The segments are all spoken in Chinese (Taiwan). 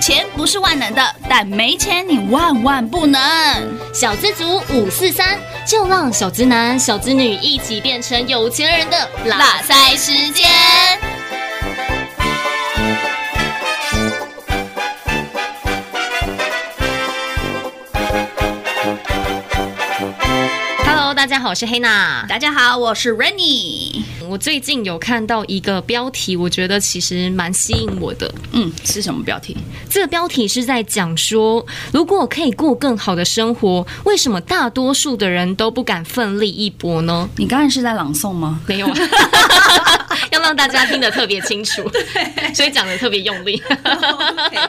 錢不是萬能的，但沒錢你萬萬不能。小資族五四三，就讓小資男、小資女一起變成有錢人的拉塞時間。Hello，大家好，我是 Hannah。大家好，我是 Raining 我最近有看到一個標題，我覺得其實蠻吸引我的。嗯，是什麼標題？這個標題是在講說，如果可以過更好的生活，為什麼大多數的人都不敢奮力一搏呢？你剛才是在朗誦嗎？沒有、啊， 要讓大家聽得特別清楚，所以講得特別用力。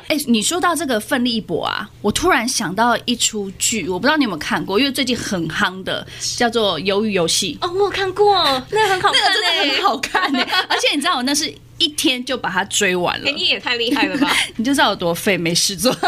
哎、 欸，你說到這個奮力一搏啊，我突然想到一出劇，我不知道你有沒有看過，因為最近很夯的，叫做《魷魚遊戲》。哦，我有看過，那個很好看、欸。 很好看、欸， 而且你知道我那是一天就把它追完了、欸，你也太厲害了吧！ 你就知道我多廢，沒事做。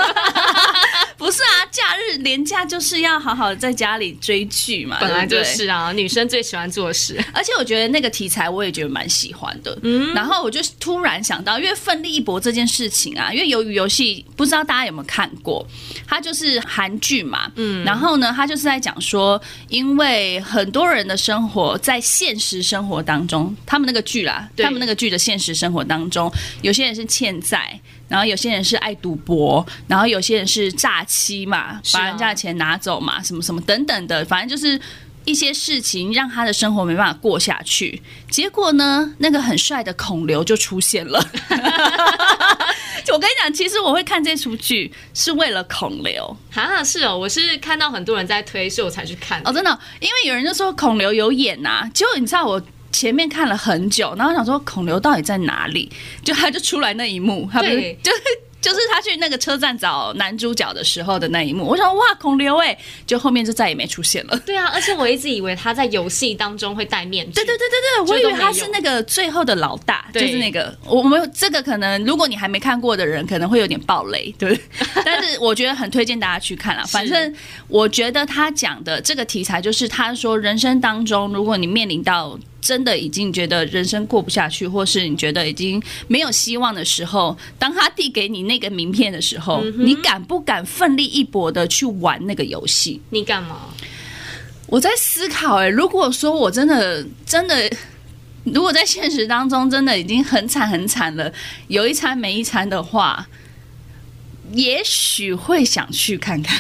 不是啊，假日連假就是要好好在家裡追劇嘛，本來就是啊，對對女生最喜歡做的事。而且我覺得那個題材我也覺得蠻喜歡的。嗯，然後我就突然想到，因為《奮力一搏》這件事情啊，因為魷魚遊戲不知道大家有沒有看過，它就是韓劇嘛，嗯，然後呢，它就是在講說，因為很多人的生活在現實生活當中，他們那個劇啦，他們那個劇的現實生活當中，有些人是欠債。然後有些人是愛賭博，然後有些人是詐欺嘛，把人家的錢拿走嘛，什麼什麼等等的，反正就是一些事情讓他的生活沒辦法過下去。結果呢，那個很帥的孔劉就出現了。 我跟你講，其實我會看這出劇是為了孔劉哈、啊，是哦，我是看到很多人在推，所以我才去看哦，真的，oh, know, 因為有人就說孔劉有演啊，結果你知道我。前面看了很久，然後想說孔劉到底在哪裡？就他就出來那一幕，對他就、就是就是他去那個車站找男主角的時候的那一幕。我想哇，孔劉哎、欸，就後面就再也沒出現了。對啊，而且我一直以為他在遊戲當中會戴面具。對對對對，我以為他是那個最後的老大，就是那個我沒有這個可能。如果你還沒看過的人，可能會有點暴雷，對。 但是我覺得很推薦大家去看啦。反正我覺得他講的這個題材，就是他說人生當中，如果你面臨到。真的已經覺得人生過不下去，或是你覺得已經沒有希望的時候，當他遞給你那個名片的時候，嗯、你敢不敢奮力一搏的去玩那個遊戲？你幹嘛？我在思考哎、欸，如果說我真的真的，如果在現實當中真的已經很慘很慘了，有一餐沒一餐的話，也許會想去看看。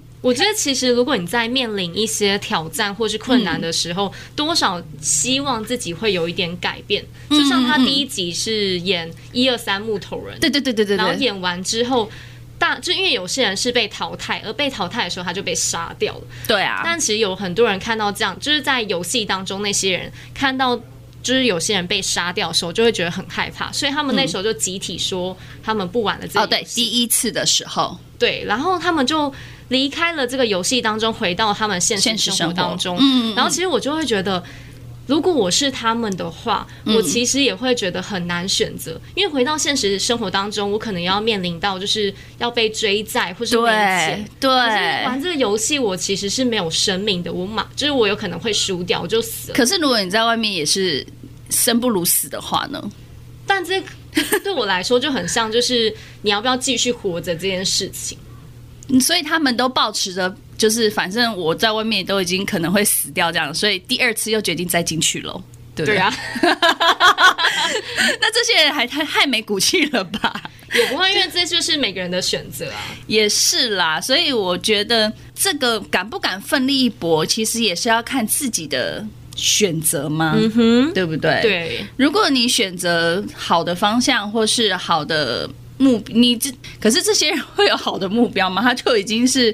Okay. 我覺得其實，如果你在面臨一些挑戰或是困難的時候，嗯，多少希望自己會有一點改變，嗯。就像他第一集是演一二三木頭人，對對對對對，然後演完之後，大就因為有些人是被淘汰，而被淘汰的時候他就被殺掉了。對啊，但其實有很多人看到這樣，就是在遊戲當中那些人看到就是有些人被殺掉的時候，就會覺得很害怕，所以他們那時候就集體說他們不玩了，嗯。哦，對，第一次的時候。對，然後他們就離開了這個遊戲當中，回到他們現實生活當中。嗯，然後其實我就會覺得，嗯、如果我是他們的話、嗯，我其實也會覺得很難選擇，因為回到現實生活當中，我可能要面臨到就是要被追債，或是沒錢。對，對，玩這個遊戲我其實是沒有生命的，我馬就是我有可能會輸掉，我就死了。可是如果你在外面也是生不如死的話呢？但這個。 對我來說就很像，就是你要不要繼續活着這件事情。所以他們都抱持着，就是反正我在外面都已經可能會死掉這樣，所以第二次又決定再進去嘍。對啊， 那這些人還太太沒骨氣了吧？也不會，因為這就是每個人的選擇、啊。 也是啦，所以我覺得這個敢不敢奮力一搏，其實也是要看自己的。選擇嗎？嗯哼，對不對？對。如果你選擇好的方向或是好的目，你這可是這些人會有好的目標嗎？他就已經是，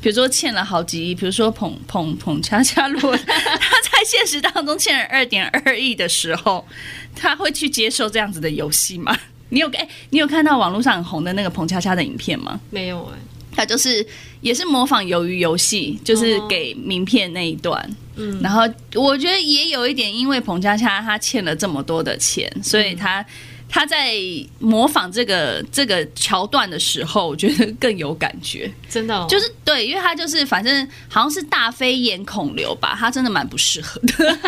比如說欠了好幾億，比如說澎澎澎恰恰落， 他在現實當中欠了二點二億的時候，他會去接受這樣子的遊戲嗎？你有哎，你有看到網絡上很紅的那個澎恰恰的影片嗎？沒有誒、欸。他就是也是模仿魷魚遊戲，就是給名片那一段，嗯，然後我覺得也有一點，因為彭佳佳他欠了這麼多的錢，嗯、所以他他在模仿這個這個橋段的時候，我覺得更有感覺，真的、哦，就是對，因為他就是反正好像是大飛演孔劉吧，他真的蠻不適合的。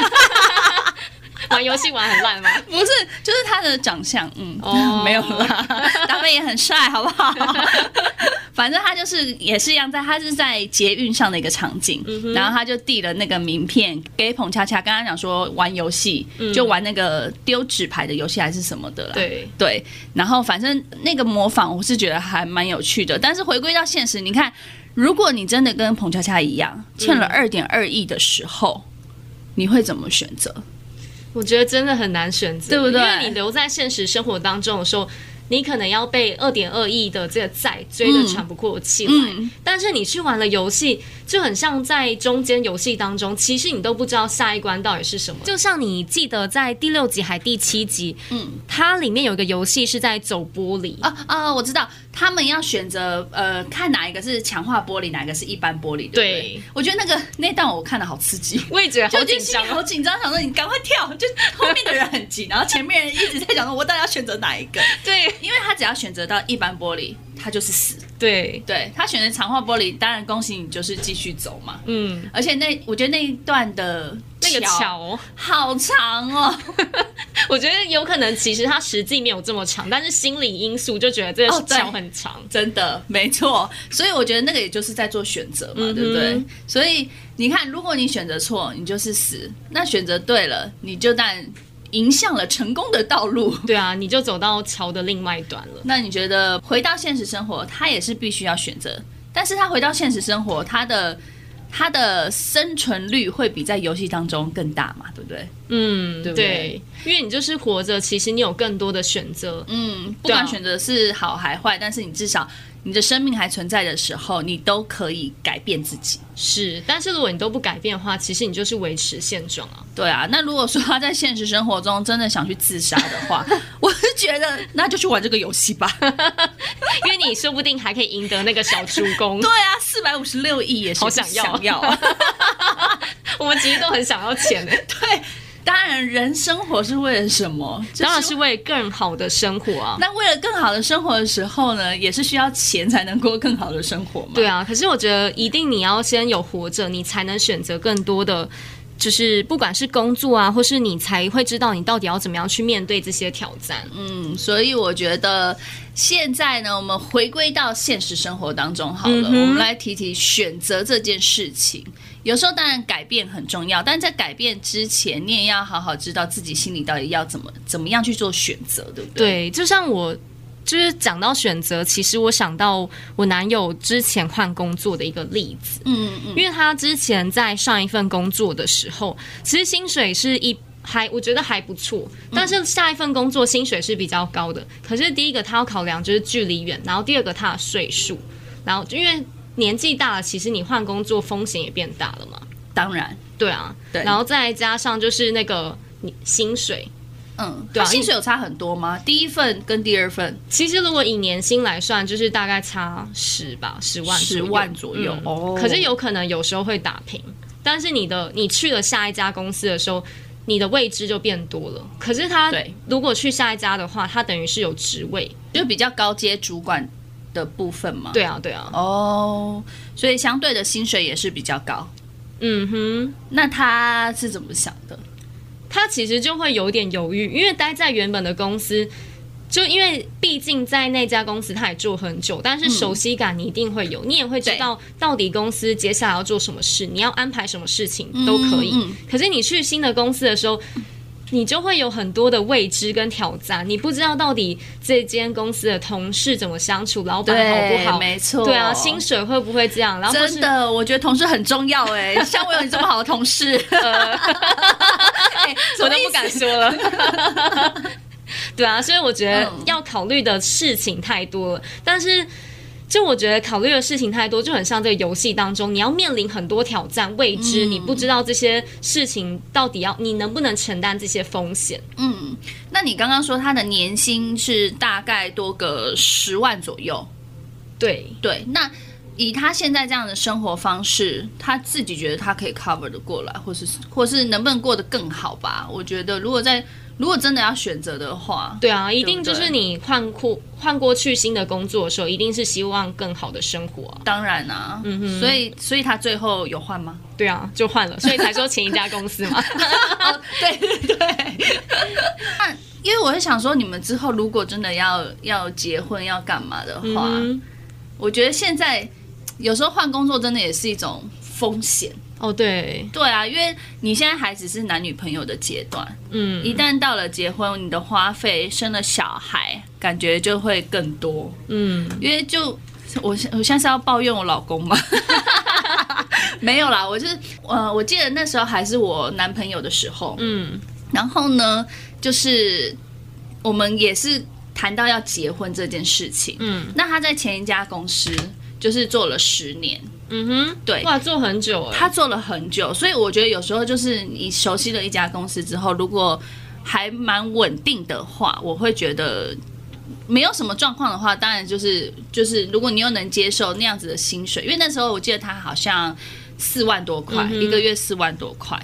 玩遊戲玩很爛嗎？ 不是，就是他的長相，嗯，哦、沒有啦，哦、 打扮也很帥，好不好？ 反正他就是也是一樣，在他是在捷運上的一個場景、嗯，然後他就遞了那個名片給彭恰恰，剛剛講說玩遊戲、嗯，就玩那個丟紙牌的遊戲還是什麼的啦，對對。然後反正那個模仿我是覺得還蠻有趣的，但是回歸到現實，你看，如果你真的跟彭恰恰一樣欠了二點二億的時候、嗯，你會怎麼選擇？我覺得真的很難選擇，對不對？因為你留在現實生活當中的時候，你可能要被二點二億的這個債追得喘不過氣來，嗯嗯。但是你去玩了遊戲，就很像在中間遊戲當中，其實你都不知道下一關到底是什麼。就像你記得在第六集還第七集，嗯，它裡面有一個遊戲是在走玻璃啊啊，我知道。他們要選擇呃，看哪一個是強化玻璃，哪個是一般玻璃，對，對不對？我覺得那個那段我看得好刺激，我也覺得好緊張， 就心裡好緊張，想說你趕快跳，就後面的人很急， 然後前面人一直在講說，我到底要選擇哪一個？對，因為他只要選擇到一般玻璃，他就是死。對，對他選擇強化玻璃，當然恭喜你，就是繼續走嘛。嗯，而且那我覺得那一段的。那個橋好長哦、喔， 我覺得有可能其實它實際沒有這麼長，但是心理因素就覺得這個橋很長，哦、真的沒錯。所以我覺得那個也就是在做選擇嘛嗯嗯，對不對？所以你看，如果你選擇錯，你就是死；那選擇對了，你就但迎向了成功的道路。對啊，你就走到橋的另外一端了。 那你覺得回到現實生活，他也是必須要選擇，但是他回到現實生活，他的。它的生存率會比在遊戲當中更大嘛？對不對？嗯，對，對，因為你就是活着，其實你有更多的選擇。嗯，不管選擇是好還壞、啊，但是你至少你的生命還存在的時候，你都可以改變自己。是，但是如果你都不改變的話，其實你就是維持現狀啊。對啊，那如果說他在現實生活中真的想去自殺的話， 我。是覺得那就去玩這個遊戲吧， 因為你說不定還可以贏得那個小豬公。 對啊，四百五十六億也是好想要，要。 我們其實都很想要錢誒。 對，當然人生活是為了什麼？當然是為了更好的生活啊。 那為了更好的生活的時候呢，也是需要錢才能過更好的生活嘛。對啊，可是我覺得一定你要先有活着，你才能選擇更多的。就是不管是工作啊，或是你才會知道你到底要怎麼樣去面對這些挑戰。嗯，所以我覺得現在呢，我們回歸到現實生活當中好了，嗯、我們來提提選擇這件事情。有時候當然改變很重要，但在改變之前，你也要好好知道自己心裡到底要怎麼怎麼樣去做選擇，對不對？對，就像我。就是講到選擇，其實我想到我男友之前換工作的一個例子，嗯嗯嗯，因為他之前在上一份工作的時候，其實薪水是一還我覺得還不錯，但是下一份工作薪水是比較高的，嗯，可是第一個他要考量就是距離遠，然後第二個他的歲數，然後因為年紀大了，其實你換工作風險也變大了嘛，當然，對啊，對，然後再加上就是那個薪水。嗯，對，薪水有差很多嗎？第一份跟第二份，其實如果以年薪來算，就是大概差十吧，十萬十萬左右。哦、嗯嗯，可是有可能有時候會打平。哦、但是你的你去了下一家公司的時候，你的位置就變多了。可是他，對，如果去下一家的話，他等於是有職位，就比較高階主管的部分嘛。對啊，對啊，哦，所以相對的薪水也是比較高。嗯哼，那他是怎麼想的？他其實就會有點猶豫，因為待在原本的公司，就因為畢竟在那家公司他也做很久，但是熟悉感你一定會有、嗯，你也會知道到底公司接下來要做什麼事，你要安排什麼事情都可以、嗯嗯。可是你去新的公司的時候。你就會有很多的未知跟挑戰，你不知道到底這間公司的同事怎麼相處，老闆好不好？沒錯，對啊，薪水會不會這樣？然後真的，我覺得同事很重要、欸，哎， 像我有你這麼好的同事， 呃 欸、我都不敢說了。 對啊，所以我覺得要考慮的事情太多了，但是。就我覺得考慮的事情太多，就很像在遊戲當中，你要面臨很多挑戰，未知，嗯，你不知道這些事情到底要你能不能承擔這些風險。嗯，那你剛剛說他的年薪是大概多個十萬左右，對對。那以他現在這樣的生活方式，他自己覺得他可以 cover 得過來，或是或是能不能過得更好吧？我覺得如果在如果真的要選擇的話，對啊，一定就是你換過換過去新的工作的時候，一定是希望更好的生活啊。當然啊，嗯哼，所以，所以他最後有換嗎？對啊，就換了，所以才說前一家公司嘛、 oh，對對對。那 因為我是想說，你們之後如果真的要要結婚要幹嘛的話、嗯，我覺得現在有時候換工作真的也是一種風險。哦、oh，對，對啊，因為你現在還只是男女朋友的階段，嗯，一旦到了結婚，你的花費、生了小孩，感覺就會更多，嗯，因為就我我像是要抱怨我老公嗎？ 沒有啦，我、就是呃，我記得那時候還是我男朋友的時候，嗯，然後呢，就是我們也是談到要結婚這件事情，嗯，那他在前一家公司。就是做了十年，嗯哼，對，哇，做很久。他做了很久，所以我覺得有時候就是你熟悉了一家公司之後，如果還蠻穩定的話，我會覺得沒有什麼狀況的話，當然就是就是，如果你又能接受那樣子的薪水，因為那時候我記得他好像四萬多塊、嗯、一個月，四萬多塊。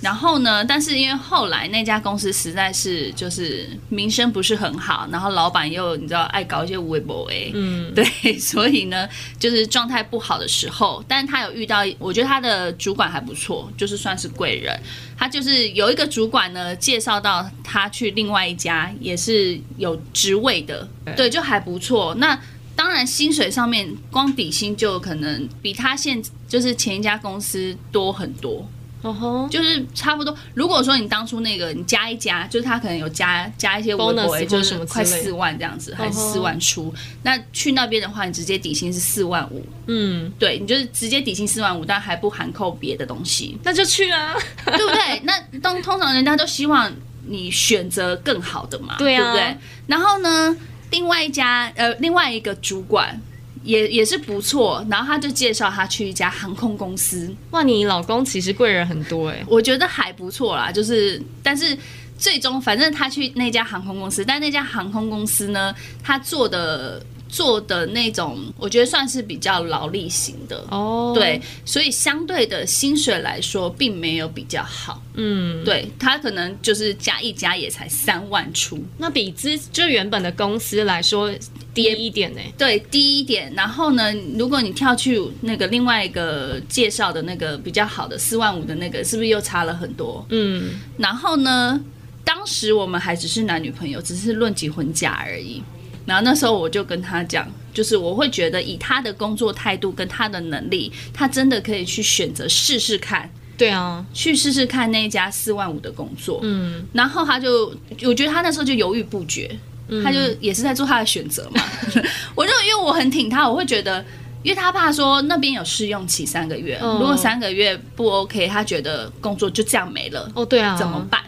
然後呢，但是因為後來那家公司實在是就是名聲不是很好，然後老闆又你知道愛搞一些微博哎，嗯，對，所以呢，就是狀態不好的時候，但是他有遇到，我覺得他的主管還不錯，就是算是貴人。他就是有一個主管呢，介紹到他去另外一家也是有職位的，對，就還不錯。那當然薪水上面光底薪就可能比他現在就是前一家公司多很多。哦吼， 就是差不多。如果說你當初那個你加一加，就是他可能有加加一些 bonus，也就是什麼快四萬這樣子， 還是四萬出。那去那邊的話，你直接底薪是四萬五。嗯，對，你就是直接底薪四萬五，但還不含扣別的東西，那就去啊。 對不對，那通通常人家都希望你選擇更好的嘛，對、啊、對不對？然後呢，另外一家呃、另外一個主管。也也是不錯，然後他就介紹他去一家航空公司。哇，你老公其實貴人很多誒、欸，我覺得還不錯啦。就是，但是最終反正他去那家航空公司，但那家航空公司呢，他做的。做的那種，我覺得算是比較勞力型的哦，oh. 對，所以相對的薪水來說，並沒有比較好，嗯、mm.，對，他可能就是加一加也才三萬出，那比之就原本的公司來說低一點呢，對，低一點。然後呢，如果你跳去那個另外一個介紹的那個比較好的四萬五的那個，是不是又差了很多？嗯、mm.，然後呢，當時我們還只是男女朋友，只是論及婚嫁而已。然後那時候我就跟他講，就是我會覺得以他的工作態度跟他的能力，他真的可以去選擇試試看。對啊，去試試看那一家四萬五的工作。嗯，然後他就，我覺得他那時候就猶豫不決，嗯、他就也是在做他的選擇嘛。 我就因為我很挺他，我會覺得，因為他怕說那邊有試用期三個月，哦，如果三個月不 OK，他覺得工作就這樣沒了。哦，對啊，怎麼辦？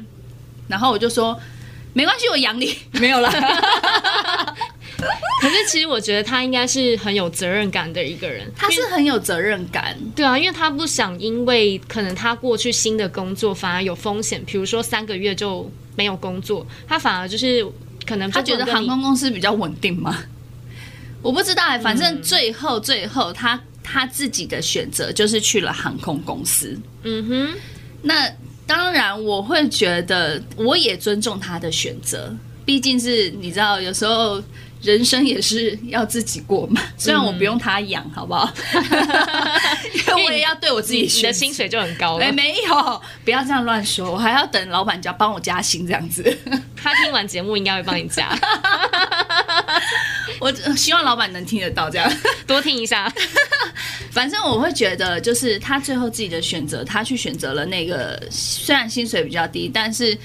然後我就說沒關係，我養你。沒有啦。 可是，其實我覺得他應該是很有責任感的一個人。他是很有責任感，對啊，因為他不想因為可能他過去新的工作反而有風險，比如說三個月就沒有工作，他反而就是可能他覺得航空公司比較穩定嗎？嗯、我不知道，反正最後最後他他自己的選擇就是去了航空公司。嗯哼，那當然我會覺得我也尊重他的選擇，畢竟是你知道有時候。人生也是要自己過嘛，雖然我不用他養，好不好？嗯、 因為我也要對我自己你。你的薪水就很高了。哎、欸，沒有，不要這樣亂說，我還要等老闆加幫我加薪這樣子。他聽完節目應該會幫你加。 我希望老闆能聽得到，這樣多聽一下。反正我會覺得，就是他最後自己的選擇，他去選擇了那個，雖然薪水比較低，但是。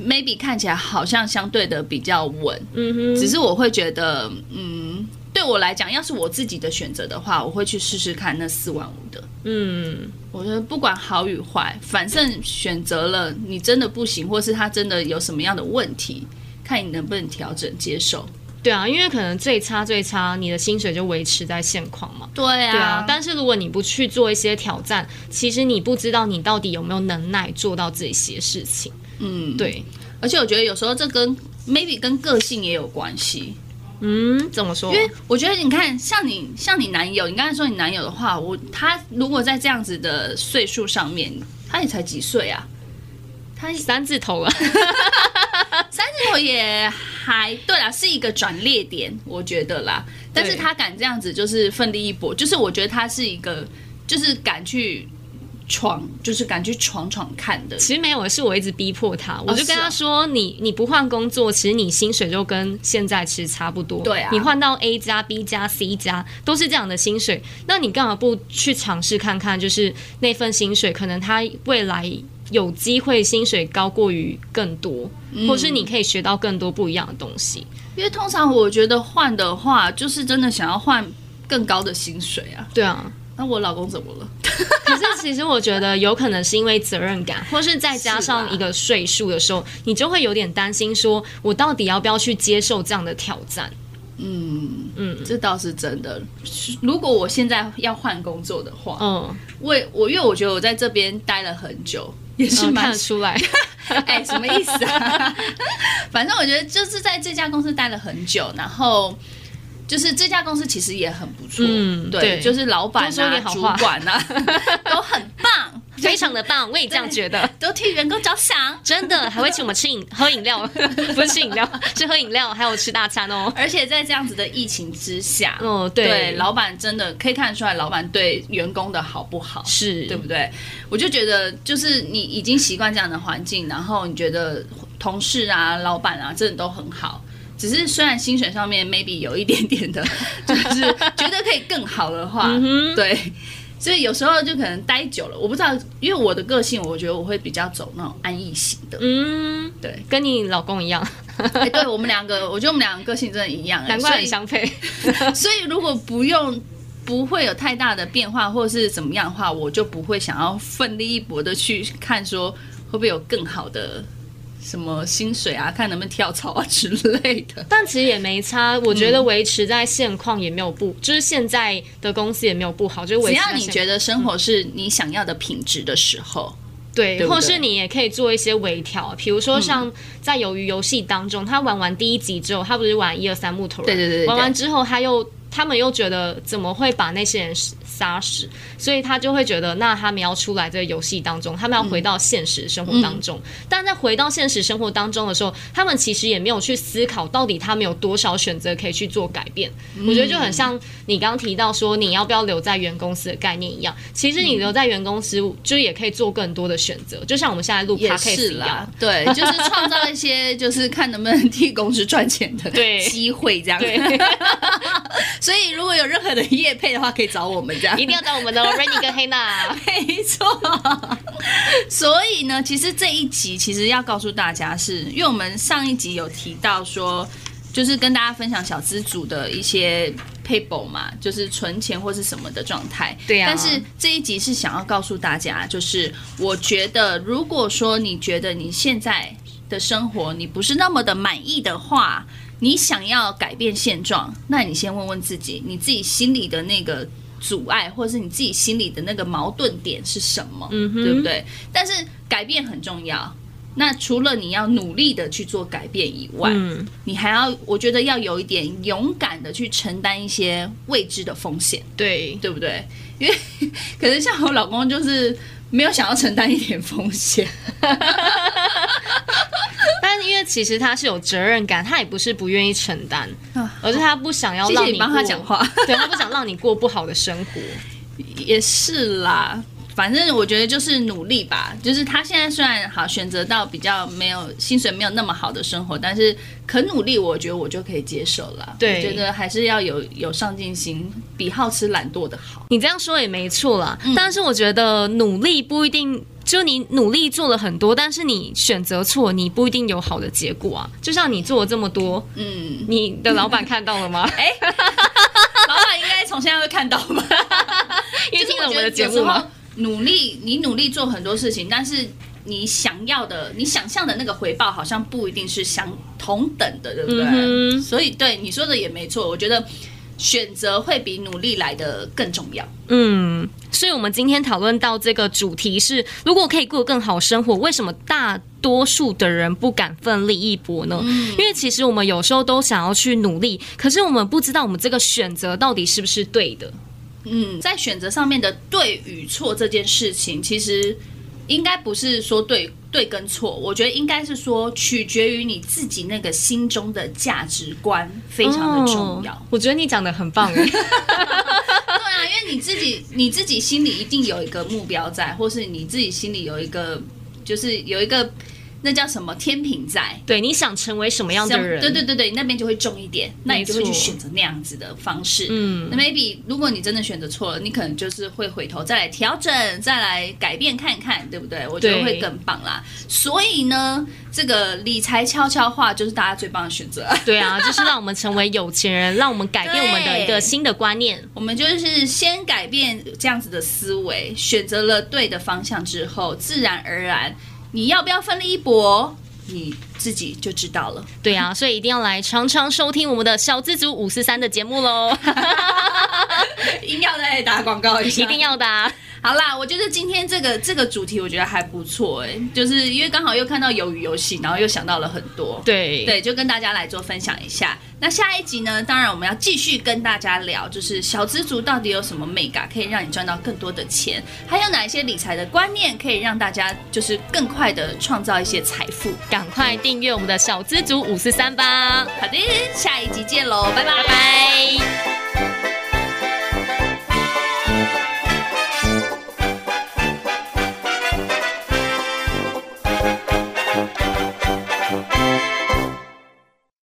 Maybe 看起來好像相對的比較穩，嗯哼。只是我會覺得，嗯，對我來講，要是我自己的選擇的話，我會去試試看那四萬五的。嗯，我覺得不管好與壞，反正選擇了，你真的不行，或是他真的有什麼樣的問題，看你能不能調整接受。對啊，因為可能最差最差，你的薪水就維持在現況嘛。對啊。對啊。但是如果你不去做一些挑戰，其實你不知道你到底有沒有能耐做到這些事情。嗯，對，而且我覺得有時候這跟 maybe 跟個性也有關係。嗯，怎麼說啊？因為我覺得你看，像你像你男友，你剛才說你男友的話，我他如果在這樣子的歲數上面，他也才幾歲啊？他三字頭啊， 三字頭也還對啦，是一個轉捩點，我覺得啦。但是他敢這樣子，就是奮力一搏，就是我覺得他是一個，就是敢去。闖就是敢去闖闖看的。其實沒有，是我一直逼迫他。哦、我就跟他說：“啊、你你不換工作，其實你薪水就跟現在其實差不多。對啊，你換到 A 加 B 加 C 加都是這樣的薪水，那你幹嘛不去嘗試看看？就是那份薪水，可能他未來有機會薪水高過於更多，嗯，或是你可以學到更多不一樣的東西。因為通常我覺得換的話，就是真的想要換更高的薪水啊。對啊。那、啊、我老公怎麼了？ 可是其實我覺得有可能是因為責任感，或是再加上一個歲數的時候，你就會有點擔心，說我到底要不要去接受這樣的挑戰？嗯嗯，這倒是真的。如果我現在要換工作的話，嗯、哦，我我因為我覺得我在這邊待了很久，也是、哦、看得出來。哎、 欸，什麼意思啊？ 反正我覺得就是在這家公司待了很久，然後。就是這家公司其實也很不錯，嗯，對，就是老闆、啊、主管吶、啊、 都很棒、 就是，非常的棒，我也這樣覺得，都替員工着想，真的， 還會請我們吃飲喝飲料， 不是吃飲料，是 喝飲料，還有吃大餐哦。而且在這樣子的疫情之下，哦，對，對老闆真的可以看得出來，老闆對員工的好不好，是對不對？我就覺得，就是你已經習慣這樣的環境，然後你覺得同事啊、老闆啊，真的都很好。只是雖然薪水上面 maybe 有一點點的，就是覺得可以更好的話、 嗯，對，所以有時候就可能待久了，我不知道，因為我的個性，我覺得我會比較走那種安逸型的，嗯，對，跟你老公一樣，哎、 欸，對我們兩個，我覺得我們兩個個性真的一樣、欸，難怪相配，所以， 所以如果不用不會有太大的變化，或是怎麼樣的話，我就不會想要奮力一搏的去看說會不會有更好的。什麼薪水啊，看能不能跳槽啊之類的，但其實也沒差。我覺得維持在現況也沒有不、嗯，就是現在的公司也沒有不好。就是、維持在現況，只要你覺得生活是你想要的品質的時候、嗯，對，或是你也可以做一些微調、嗯，比如說像在魷魚遊戲當中，他玩完第一集之後，他不是玩一二三木頭人，對對對，對，對，玩完之後他又他們又覺得怎麼會把那些人。扎實，所以他就會覺得，那他們要出來這個遊戲當中，他們要回到現實生活當中、嗯。但在回到現實生活當中的時候，嗯、他們其實也沒有去思考，到底他們有多少選擇可以去做改變、嗯。我覺得就很像你剛剛提到說，你要不要留在原公司的概念一樣。其實你留在原公司，就也可以做更多的選擇、嗯。就像我們現在錄 Podcast 一樣，也是啦，對，就是創造一些，就是看能不能替公司賺錢的對機會這樣。 所以如果有任何的業配的話，可以找我們。一定要當我們的 r e i n y 跟黑娜， 沒錯錯。 所以呢，其實這一集其實要告訴大家是，是因為我們上一集有提到說，就是跟大家分享小資組的一些配 a 嘛，就是存錢或是什麼的狀態。對呀、啊。但是這一集是想要告訴大家，就是我覺得，如果說你覺得你現在的生活你不是那麼的滿意的話，你想要改變現狀，那你先問問自己，你自己心裡的那個。阻礙或者是你自己心裡的那個矛盾點是什麼？嗯，對不對？但是改變很重要。那除了你要努力的去做改變以外，嗯，你還要我覺得要有一點勇敢的去承擔一些未知的風險，對對不對？因為，可是像我老公就是沒有想要承擔一點風險。 但因為其實他是有責任感，他也不是不願意承擔、啊，而是他不想要讓你。幫他講話。 對，他不想讓你過不好的生活。 也是啦，反正我覺得就是努力吧。就是他現在雖然好選擇到比較沒有薪水，沒有那麼好的生活，但是肯努力，我覺得我就可以接受了。對，我覺得還是要有有上進心，比好吃懶惰的好。你這樣說也沒錯啦，嗯，但是我覺得努力不一定。就你努力做了很多，但是你選擇錯，你不一定有好的結果啊。就像你做了這麼多，嗯，你的老闆看到了嗎？哎、欸， 老闆應該從現在會看到吧？因為我們的節目、就是、努力，你努力做很多事情，但是你想要的、你想象的那個回報，好像不一定是相同等的，對不對？嗯、所以對，對你說的也沒錯。我覺得選擇會比努力來的更重要。嗯。所以，我們今天討論到這個主題是：如果可以過更好生活，為什麼大多數的人不敢奮力一搏呢？嗯，因為其實我們有時候都想要去努力，可是我們不知道我們這個選擇到底是不是對的。嗯，在選擇上面的對與錯這件事情，其實應該不是說對對跟錯，我覺得應該是說取決於你自己那個心中的價值觀非常的重要。哦，我覺得你講的很棒。 因為你自己，你自己心裡一定有一個目標在，或是你自己心裡有一個，就是有一個。那叫什麼天平在？對，你想成為什麼樣的人？對對對對，那邊就會重一點，那你就會去選擇那樣子的方式。嗯那，Maybe 那如果你真的選擇錯了，你可能就是會回頭再來調整，再來改變看看，對不對？我覺得會更棒啦。所以呢，這個理財敲敲話就是大家最棒的選擇。對啊，就是讓我們成為有錢人， 讓我們改變我們的一個新的觀念。我們就是先改變這樣子的思維，選擇了對的方向之後，自然而然。你要不要奮力一搏？你自己就知道了。對啊，所以一定要來常常收聽我們的小資族五四三的節目嘍。 一定要再來打廣告一下，一定要打、啊、好啦，我覺得今天這個這個主題我覺得還不錯哎、欸，就是因為剛好又看到魷魚遊戲，然後又想到了很多。對，對，就跟大家來做分享一下。那下一集呢？當然我們要繼續跟大家聊，就是小資族到底有什麼魅力，可以讓你賺到更多的錢？還有哪一些理財的觀念，可以讓大家就是更快的創造一些財富？趕快訂閱我們的小資族五四三吧！好的，下一集見嘍，拜拜。拜拜。